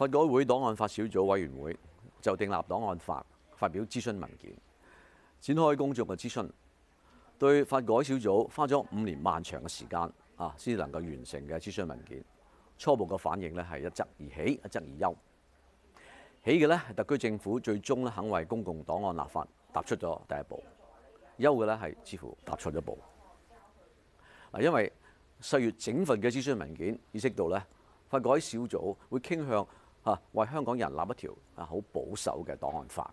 法改會檔案法小組委員會就訂立檔案法發表諮詢文件，展開公眾嘅諮詢。對法改小組花咗五年漫長嘅時間啊，先至能夠完成嘅諮詢文件，初步嘅反應咧係一則而起，一則而憂。起嘅咧，特區政府最終咧肯為公共檔案立法，踏出咗第一步。憂嘅呢，係似乎踏出咗一步，因為細閱整份嘅諮詢文件意識到呢，法改小組會傾向。吓，為香港人立一條啊好保守嘅檔案法。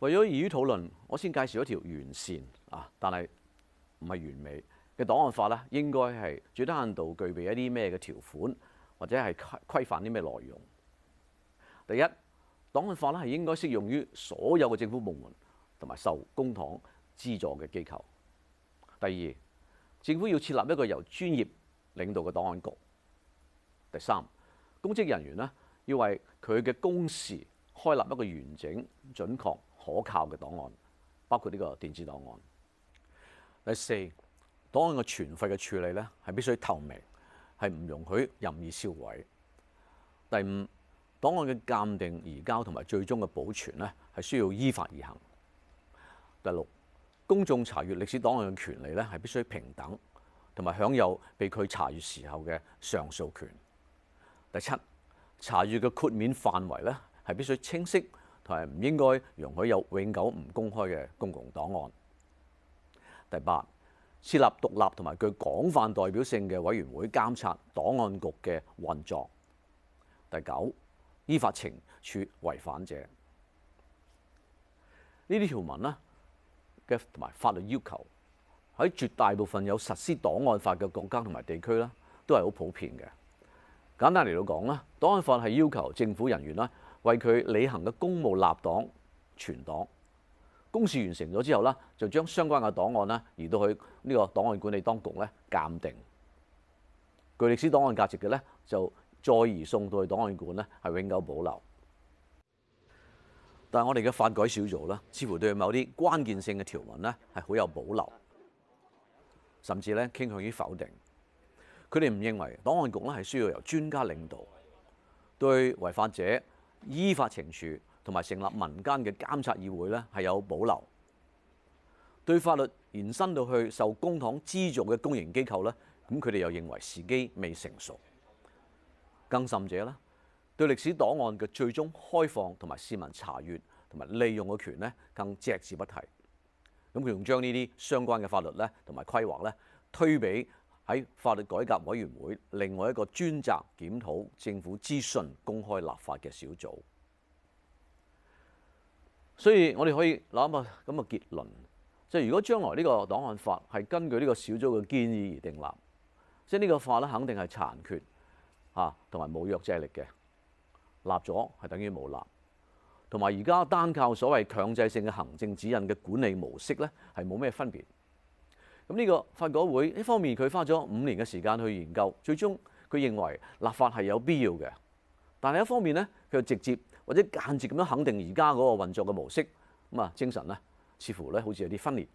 為咗易於討論，我先介紹一條完善啊，但係唔係完美嘅檔案法啦。應該係最低限度具備一啲咩嘅條款，或者係規規範啲咩內容。第一，檔案法咧係應該適用於所有嘅政府部門同埋受公帑資助嘅機構。第二，政府要設立一個由專業領導嘅檔案局。第三公職人員咧要為佢嘅公事開立一個完整、準確、可靠嘅檔案，包括呢個電子檔案。第四，檔案嘅存廢嘅處理咧係必須透明，係唔容許任意銷毀。第五，檔案嘅鑑定移交同埋最終嘅保存咧係需要依法而行。第六，公眾查閱歷史檔案嘅權利咧係必須平等，同埋享有被佢查閱時候嘅上訴權。第七，查閱嘅豁免範圍咧，係必須清晰同埋唔應該容許有永久唔公開嘅公共檔案。第八，設立獨立同埋具廣泛代表性嘅委員會監察檔案局嘅運作。第九，依法懲處違反者。呢啲條文咧嘅同埋法律要求，喺絕大部分有實施檔案法嘅國家同埋地區啦，都係好普遍嘅。簡單嚟到講啦，檔案法係要求政府人員啦，為佢履行嘅公務立檔存檔。公事完成咗之後啦，就將相關嘅檔案呢移到去呢個檔案管理當局咧鑑定。具歷史檔案價值嘅咧，就再移送到去檔案館咧，係永久保留。但係我哋嘅法改小組咧，似乎對某啲關鍵性嘅條文咧係好有保留，甚至咧傾向於否定。佢哋唔認為檔案局咧係需要由專家領導，對違法者依法懲處，同埋成立民間嘅監察議會咧係有保留。對法律延伸到去受公帑資助嘅公營機構咧，咁佢哋又認為時機未成熟。更甚者咧，對歷史檔案嘅最終開放同埋市民查閱同埋利用嘅權咧，更隻字不提。咁佢仲將呢啲相關嘅法律咧同埋規劃咧推俾喺法律改革委員會，另外一個專責檢討政府資訊公開立法嘅小組，所以我哋可以諗下咁嘅結論，即係如果將來呢個檔案法係根據呢個小組嘅建議而定立，即係呢個法咧肯定係殘缺啊同埋冇約制力嘅，立咗係等於冇立，同埋而家單靠所謂強制性嘅行政指引嘅管理模式咧係冇咩分別。咁、這、呢個法改會一方面，佢花咗五年嘅時間去研究，最終佢認為立法係有必要嘅，但係一方面呢佢又直接或者間接咁樣肯定而家嗰個運作嘅模式，咁啊精神呢，似乎呢好似有啲分裂。